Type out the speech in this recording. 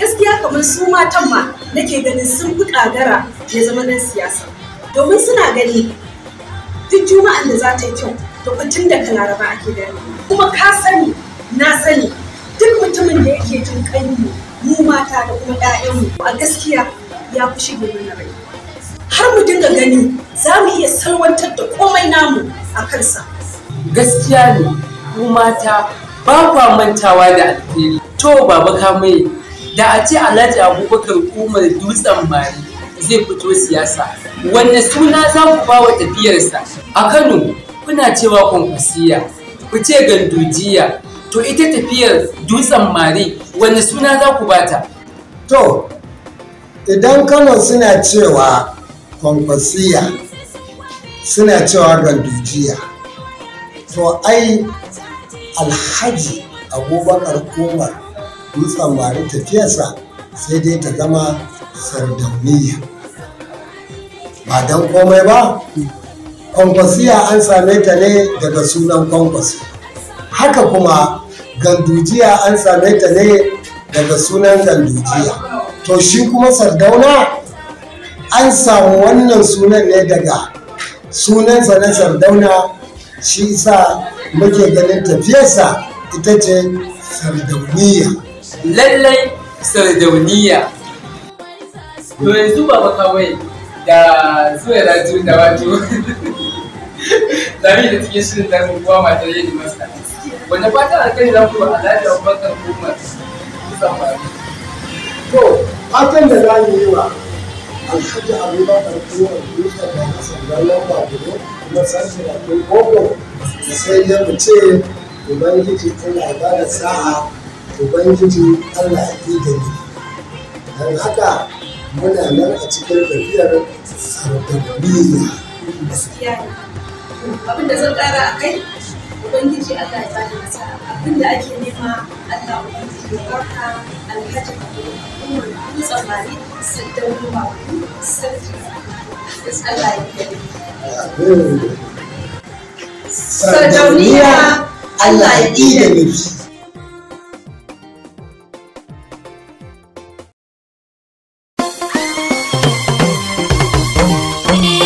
gaskiya kamar su matan ma nake ganin sun fi kagara ya zama nan siyasa domin suna gani duk juma'an da za ta yi kyau to tun daga laraba ake gani kuma ka sani na sani duk mutumin da yake jin kanmu mu mata da kuma 'ya'yanmu a gaskiya ya fi shige mana rai har mu dinga gani za mu iya salwantar da komai namu a kansa gaskiya ne mu mata ba kwa mantawa da alheri to baba ka mai da a ce alhaji abubakar umar dutsen mari zai fito siyasa wanne suna za ku ba wa tafiyarsa a kano kuna cewa kwankwasiya ku ce gandujiya to ita tafiyar dutsen mari wanne suna za ku bata to idan kano suna cewa kwankwasiya suna cewa gandujiya to ai alhaji abubakar umar dutsen tafiyarsa sai dai ta zama sardauniya ba don komai ba kwankwasiya an same ta ne daga sunan kwankwasi haka kuma gandujiya an same ta ne daga sunan gandujiya to shi kuma sardauna an samu wannan sunan ne daga sunansa na sardauna shi sa muke ganin tafiyarsa ita ce sardauniya lallai sardauniya to yanzu baba kawai da zuwa raju da wato lami da cikin shirin da kuwa matar yin masa wanda fata a kan za ku a lafiyar bakar hukumar to fatan da za yi wa alhaji abubakar kuma duka da hasan da lamba biyu, kuma sashi da koko da sai ya mu ce ubangiji tana ba da sa'a ubangiji allah ya da ni don haka muna nan a cikin tafiyar sardabila abin da zan kara a kai ubangiji allah ya bani nasa abin da ake nema allah ubangiji ya baka alhaji kuma kuma tsammani sun dauri ba sarki allah ya yi sadauniya allah ya yi da Winning.